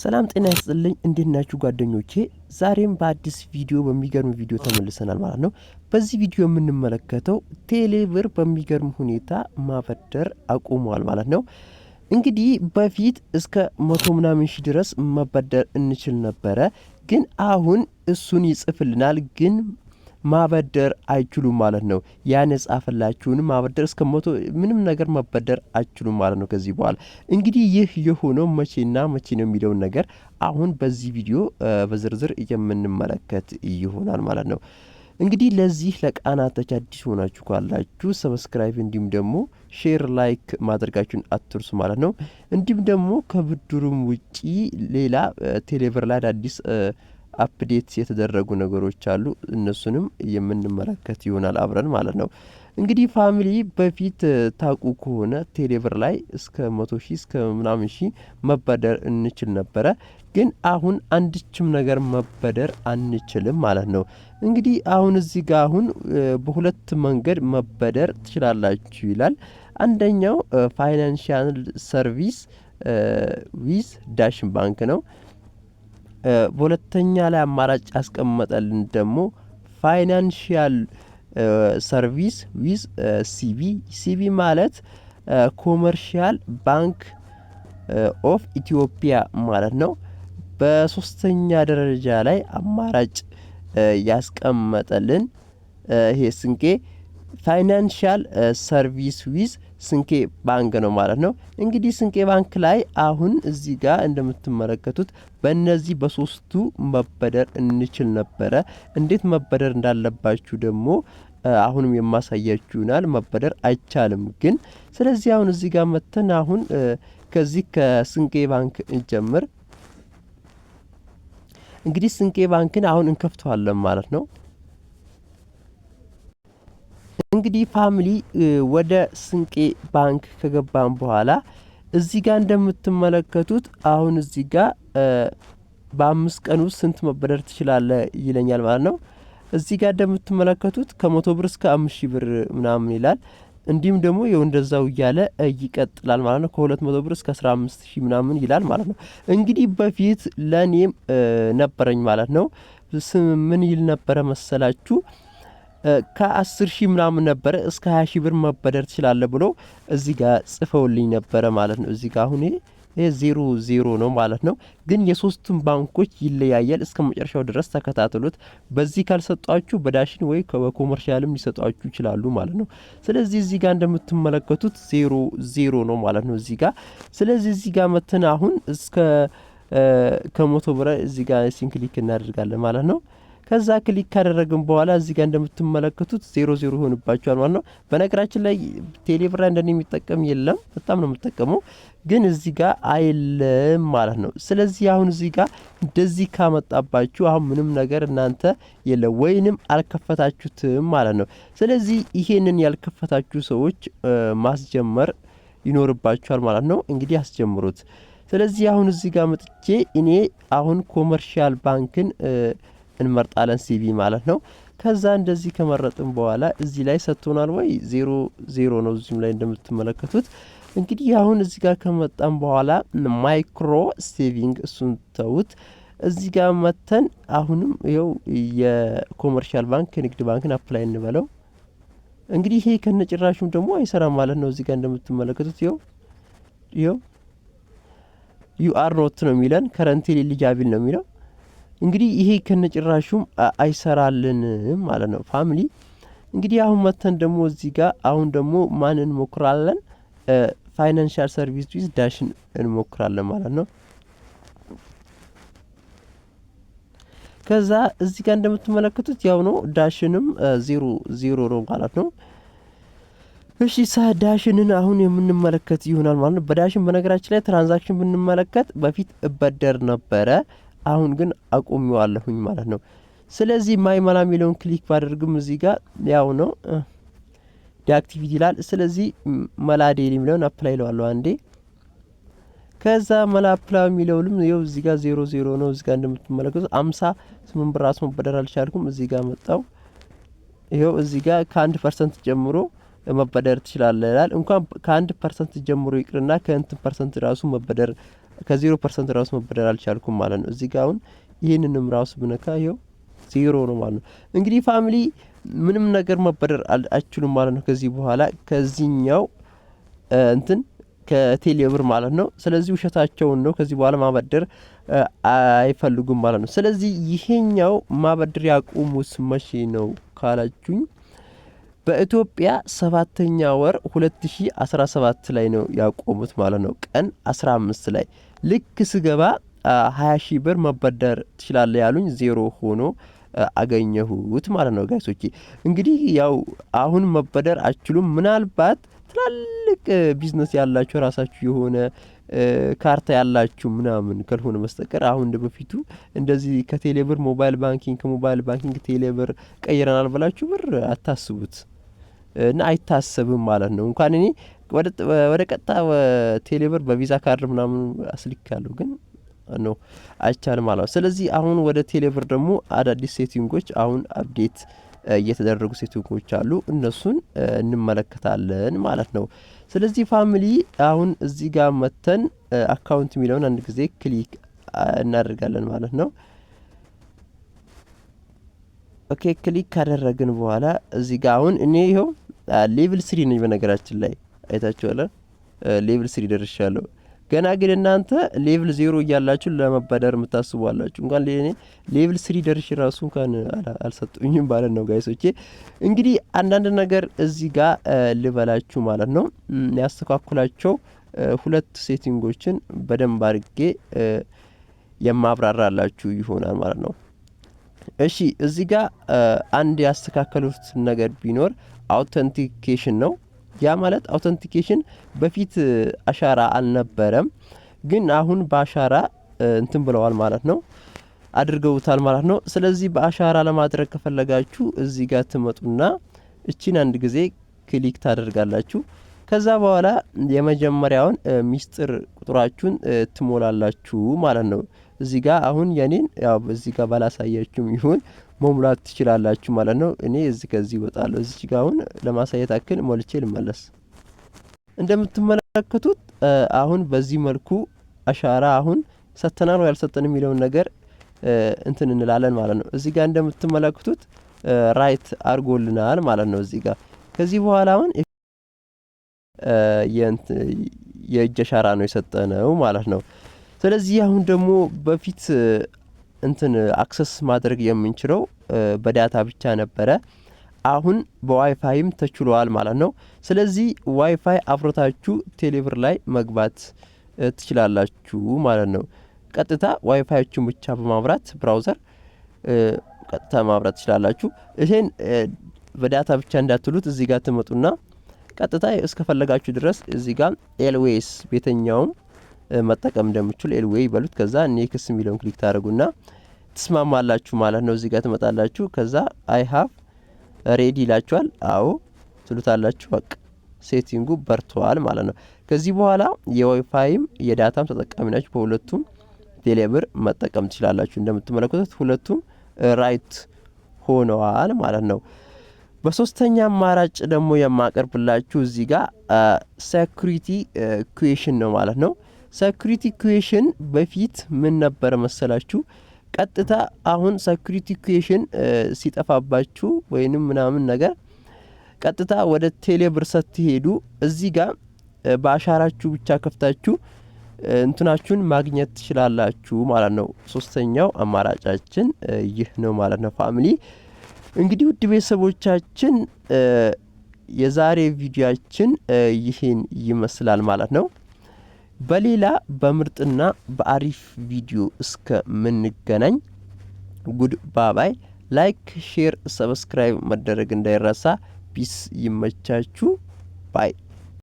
ሰላም ጤና ይስጥልኝ። እንዴት ናችሁ ጓደኞቼ? ዛሬም በአዲስ ቪዲዮ በሚገርም ቪዲዮ ተመልሰናል ማለት ነው። በዚህ ቪዲዮ የምንመለከተው ቴሌብር በሚገርም ሁኔታ ማበደር አቁሟል ማለት ነው። እንግዲህ በፊት እስከ መቶ ምናምን ሺ ድረስ መበደር እንችል ነበረ፣ ግን አሁን እሱን ይጽፍልናል ግን ማበደር አይችሉም ማለት ነው። ያን የጻፈላችሁን ማበደር እስከ ሞቶ ምንም ነገር መበደር አይችሉም ማለት ነው። ከዚህ በኋላ እንግዲህ ይህ የሆነው መቼና መቼ ነው የሚለውን ነገር አሁን በዚህ ቪዲዮ በዝርዝር የምንመለከት ይሆናል ማለት ነው። እንግዲህ ለዚህ ለቃናቶች አዲስ ሆናችሁ ካላችሁ ሰብስክራይብ እንዲሁም ደግሞ ሼር ላይክ ማድረጋችሁን አትርሱ ማለት ነው። እንዲሁም ደግሞ ከብድሩም ውጪ ሌላ ቴሌብር ላይ አዳዲስ አፕዴት የተደረጉ ነገሮች አሉ። እነሱንም የምንመለከት ይሆናል አብረን ማለት ነው። እንግዲህ ፋሚሊ በፊት ታቁ ከሆነ ቴሌብር ላይ እስከ መቶ ሺ እስከ ምናምን ሺ መበደር እንችል ነበረ። ግን አሁን አንድችም ነገር መበደር አንችልም ማለት ነው። እንግዲህ አሁን እዚህ ጋር አሁን በሁለት መንገድ መበደር ትችላላችሁ ይላል። አንደኛው ፋይናንሻል ሰርቪስ ዊዝ ዳሽን ባንክ ነው። በሁለተኛ ላይ አማራጭ ያስቀመጠልን ደግሞ ፋይናንሽያል ሰርቪስ ዊዝ ሲቢ ሲቢ ማለት ኮመርሻል ባንክ ኦፍ ኢትዮጵያ ማለት ነው። በሶስተኛ ደረጃ ላይ አማራጭ ያስቀመጠልን ይሄ ስንቄ ፋይናንሻል ሰርቪስ ዊዝ ስንኬ ባንክ ነው ማለት ነው። እንግዲህ ስንቄ ባንክ ላይ አሁን እዚህ ጋር እንደምትመለከቱት በእነዚህ በሶስቱ መበደር እንችል ነበረ። እንዴት መበደር እንዳለባችሁ ደግሞ አሁንም የማሳያችሁ ይሆናል። መበደር አይቻልም ግን ስለዚህ አሁን እዚህ ጋር መተን አሁን ከዚህ ከስንቄ ባንክ እንጀምር። እንግዲህ ስንቄ ባንክን አሁን እንከፍተዋለን ማለት ነው። እንግዲህ ፋሚሊ ወደ ስንቄ ባንክ ከገባን በኋላ እዚህ ጋር እንደምትመለከቱት አሁን እዚህ ጋር በአምስት ቀን ውስጥ ስንት መበደር ትችላለ ይለኛል ማለት ነው። እዚህ ጋር እንደምትመለከቱት ከመቶ ብር እስከ አምስት ሺህ ብር ምናምን ይላል። እንዲሁም ደግሞ የው እንደዛው እያለ ይቀጥላል ማለት ነው። ከሁለት መቶ ብር እስከ አስራ አምስት ሺህ ምናምን ይላል ማለት ነው። እንግዲህ በፊት ለእኔም ነበረኝ ማለት ነው። ምን ይል ነበረ መሰላችሁ ከአስር ሺህ ምናምን ነበረ እስከ ሀያ ሺህ ብር መበደር ትችላለ ብሎ እዚህ ጋር ጽፈውልኝ ነበረ ማለት ነው። እዚህ ጋር አሁን ዜሮ ዜሮ ነው ማለት ነው። ግን የሶስቱም ባንኮች ይለያያል። እስከ መጨረሻው ድረስ ተከታተሉት። በዚህ ካልሰጧችሁ በዳሽን ወይ በኮመርሻልም ሊሰጧችሁ ይችላሉ ማለት ነው። ስለዚህ እዚህ ጋር እንደምትመለከቱት ዜሮ ዜሮ ነው ማለት ነው እዚህ ጋር። ስለዚህ እዚህ ጋር መተን አሁን እስከ ከመቶ ብር እዚህ ጋር ሲንክሊክ እናደርጋለን ማለት ነው። ከዛ ክሊክ ካደረግን በኋላ እዚህ ጋር እንደምትመለከቱት ዜሮ ዜሮ ይሆንባቸዋል ማለት ነው። በነገራችን ላይ ቴሌብራ እንደኔ የሚጠቀም የለም፣ በጣም ነው የምጠቀመው፣ ግን እዚህ ጋር አይለም ማለት ነው። ስለዚህ አሁን እዚህ ጋር እንደዚህ ካመጣባችሁ አሁን ምንም ነገር እናንተ የለም ወይንም አልከፈታችሁትም ማለት ነው። ስለዚህ ይሄንን ያልከፈታችሁ ሰዎች ማስጀመር ይኖርባችኋል ማለት ነው። እንግዲህ አስጀምሩት። ስለዚህ አሁን እዚህ ጋር መጥቼ እኔ አሁን ኮመርሻል ባንክን እንመርጣለን ሲቪ ማለት ነው። ከዛ እንደዚህ ከመረጥን በኋላ እዚህ ላይ ሰጥቶናል ወይ ዜሮ ዜሮ ነው። እዚህም ላይ እንደምትመለከቱት እንግዲህ አሁን እዚህ ጋር ከመጣን በኋላ ማይክሮ ሴቪንግ እሱን ተውት። እዚህ ጋር መተን አሁንም ይኸው የኮመርሻል ባንክ የንግድ ባንክን አፕላይ እንበለው እንግዲህ ይሄ ከነጭራሹም ደግሞ አይሰራም ማለት ነው። እዚህ ጋር እንደምትመለከቱት ይኸው ይኸው ዩአር ኖት ነው የሚለን ከረንቴ ኤሊጃብል ነው የሚለው እንግዲህ ይሄ ከነጭራሹም አይሰራልን ማለት ነው ፋሚሊ። እንግዲህ አሁን መተን ደግሞ እዚህ ጋር አሁን ደግሞ ማን እንሞክራለን? ፋይናንሻል ሰርቪስ ዊዝ ዳሽን እንሞክራለን ማለት ነው። ከዛ እዚህ ጋር እንደምትመለከቱት ያው ነው ዳሽንም ዜሮ ዜሮ ነው ማለት ነው። እሺ ዳሽንን አሁን የምንመለከት ይሆናል ማለት ነው። በዳሽን በነገራችን ላይ ትራንዛክሽን ብንመለከት በፊት እበደር ነበረ አሁን ግን አቁሜዋለሁኝ ማለት ነው። ስለዚህ ማይመላ የሚለውን ክሊክ ባደርግም እዚህ ጋር ያው ነው ዲአክቲቪቲ ይላል። ስለዚህ መላ ዴይሊ የሚለውን አፕላይ ለዋለሁ አንዴ። ከዛ መላ አፕላይ የሚለውንም ይኸው እዚህ ጋር ዜሮ ዜሮ ነው። እዚህ ጋር እንደምትመለከቱት አምሳ ስምንት ብር ራሱ መበደር አልቻልኩም። እዚህ ጋር መጣው ይኸው እዚህ ጋር ከአንድ ፐርሰንት ጀምሮ መበደር ትችላለህ ይላል። እንኳን ከአንድ ፐርሰንት ጀምሮ ይቅርና ከእንትን ፐርሰንት ራሱ መበደር ከዜሮ ፐርሰንት ራሱ መበደር አልቻልኩም ማለት ነው። እዚህ ጋ አሁን ይህንንም ራሱ ብነካ ይኸው ዜሮ ነው ማለት ነው። እንግዲህ ፋሚሊ ምንም ነገር መበደር አይችሉም ማለት ነው። ከዚህ በኋላ ከዚህኛው እንትን ከቴሌብር ማለት ነው። ስለዚህ ውሸታቸውን ነው። ከዚህ በኋላ ማበደር አይፈልጉም ማለት ነው። ስለዚህ ይሄኛው ማበደር ያቁሙስ መቼ ነው ካላችሁኝ በኢትዮጵያ ሰባተኛ ወር 2017 ላይ ነው ያቆሙት ማለት ነው። ቀን 15 ላይ ልክ ስገባ ሀያ ሺህ ብር መበደር ትችላለ ያሉኝ ዜሮ ሆኖ አገኘሁት ማለት ነው ጋይሶቼ። እንግዲህ ያው አሁን መበደር አችሉም። ምናልባት ትላልቅ ቢዝነስ ያላችሁ ራሳችሁ የሆነ ካርታ ያላችሁ ምናምን ካልሆነ በስተቀር አሁን እንደ በፊቱ እንደዚህ ከቴሌብር ሞባይል ባንኪንግ ከሞባይል ባንኪንግ ቴሌብር ቀይረናል ብላችሁ ብር አታስቡት እና አይታሰብም ማለት ነው። እንኳን እኔ ወደ ቀጥታ ቴሌብር በቪዛ ካርድ ምናምን ያለሁ ግን ኖ አይቻልም አለ። ስለዚህ አሁን ወደ ቴሌብር ደግሞ አዳዲስ ሴቲንጎች አሁን አፕዴት እየተደረጉ ሴቲንጎች አሉ። እነሱን እንመለከታለን ማለት ነው። ስለዚህ ፋሚሊ አሁን እዚህ ጋር መተን አካውንት የሚለውን አንድ ጊዜ ክሊክ እናደርጋለን ማለት ነው። ኦኬ ክሊክ ካደረግን በኋላ እዚህ ጋር አሁን እኔ ይኸው ሌቭል ስሪ ነኝ በነገራችን ላይ አይታችኋል። ሌቭል ስሪ ደርሻለሁ። ገና ግን እናንተ ሌቭል ዜሮ እያላችሁ ለመባደር የምታስቡ እንኳን ለኔ ሌቭል ስሪ ደርሽ ራሱ እንኳን አልሰጡኝም ማለት ነው ጋይሶቼ። እንግዲህ አንዳንድ ነገር እዚህ ጋር ልበላችሁ ማለት ነው። ያስተካኩላቸው ሁለት ሴቲንጎችን በደንብ አድርጌ የማብራራላችሁ ይሆናል ማለት ነው። እሺ እዚህ ጋር አንድ ያስተካከሉት ነገር ቢኖር አውተንቲኬሽን ነው። ያ ማለት አውተንቲኬሽን በፊት አሻራ አልነበረም፣ ግን አሁን በአሻራ እንትን ብለዋል ማለት ነው አድርገውታል ማለት ነው። ስለዚህ በአሻራ ለማድረግ ከፈለጋችሁ እዚህ ጋር ትመጡና እቺን አንድ ጊዜ ክሊክ ታደርጋላችሁ። ከዛ በኋላ የመጀመሪያውን ሚስጥር ቁጥራችሁን ትሞላላችሁ ማለት ነው። እዚህ ጋር አሁን የኔን ያው እዚህ ጋር ባላሳያችሁም ይሁን መሙላት ትችላላችሁ ማለት ነው። እኔ እዚህ ከዚህ ይወጣለሁ። እዚች ጋ አሁን ለማሳየት አክል ሞልቼ ልመለስ። እንደምትመለከቱት አሁን በዚህ መልኩ አሻራ አሁን ሰጥተናል ወይ አልሰጠን የሚለውን ነገር እንትን እንላለን ማለት ነው። እዚህ ጋር እንደምትመለከቱት ራይት አድርጎልናል ማለት ነው። እዚህ ጋር ከዚህ በኋላ አሁን የእጅ አሻራ ነው የሰጠነው ማለት ነው። ስለዚህ አሁን ደግሞ በፊት እንትን አክሰስ ማድረግ የምንችለው በዳታ ብቻ ነበረ። አሁን በዋይፋይም ተችሏል ማለት ነው። ስለዚህ ዋይፋይ አፍርታችሁ ቴሌብር ላይ መግባት ትችላላችሁ ማለት ነው። ቀጥታ ዋይፋዮችን ብቻ በማብራት ብራውዘር ቀጥታ ማብራት ትችላላችሁ። ይሄን በዳታ ብቻ እንዳትሉት፣ እዚህ ጋር ትመጡና ቀጥታ እስከፈለጋችሁ ድረስ እዚህ ጋር ኤልዌስ ቤተኛውም መጠቀም እንደምችሉ ኤልዌይ ይበሉት። ከዛ ኔክስ የሚለውን ክሊክ ታደረጉና ትስማማላችሁ ማለት ነው። እዚህ ጋር ትመጣላችሁ። ከዛ አይ ሀቭ ሬዲ ይላችኋል። አዎ ትሉታላችሁ። በቃ ሴቲንጉ በርተዋል ማለት ነው። ከዚህ በኋላ የዋይፋይም የዳታም ተጠቃሚ ናችሁ። በሁለቱም ቴሌብር መጠቀም ትችላላችሁ። እንደምትመለከቱት ሁለቱም ራይት ሆነዋል ማለት ነው። በሶስተኛ አማራጭ ደግሞ የማቀርብላችሁ እዚህ ጋር ሴኩሪቲ ኩዌሽን ነው ማለት ነው። ሰኪሪቲ ኩዌሽን በፊት ምን ነበር መሰላችሁ? ቀጥታ አሁን ሰኪሪቲ ኩዌሽን ሲጠፋባችሁ ወይንም ምናምን ነገር ቀጥታ ወደ ቴሌ ብርሰት ስትሄዱ እዚህ ጋር በአሻራችሁ ብቻ ከፍታችሁ እንትናችሁን ማግኘት ትችላላችሁ ማለት ነው። ሶስተኛው አማራጫችን ይህ ነው ማለት ነው። ፋሚሊ እንግዲህ ውድ ቤተሰቦቻችን የዛሬ ቪዲዮችን ይህን ይመስላል ማለት ነው። በሌላ በምርጥና በአሪፍ ቪዲዮ እስከምንገናኝ ጉድ ባባይ። ላይክ፣ ሼር፣ ሰብስክራይብ መደረግ እንዳይረሳ። ፒስ። ይመቻችሁ ባይ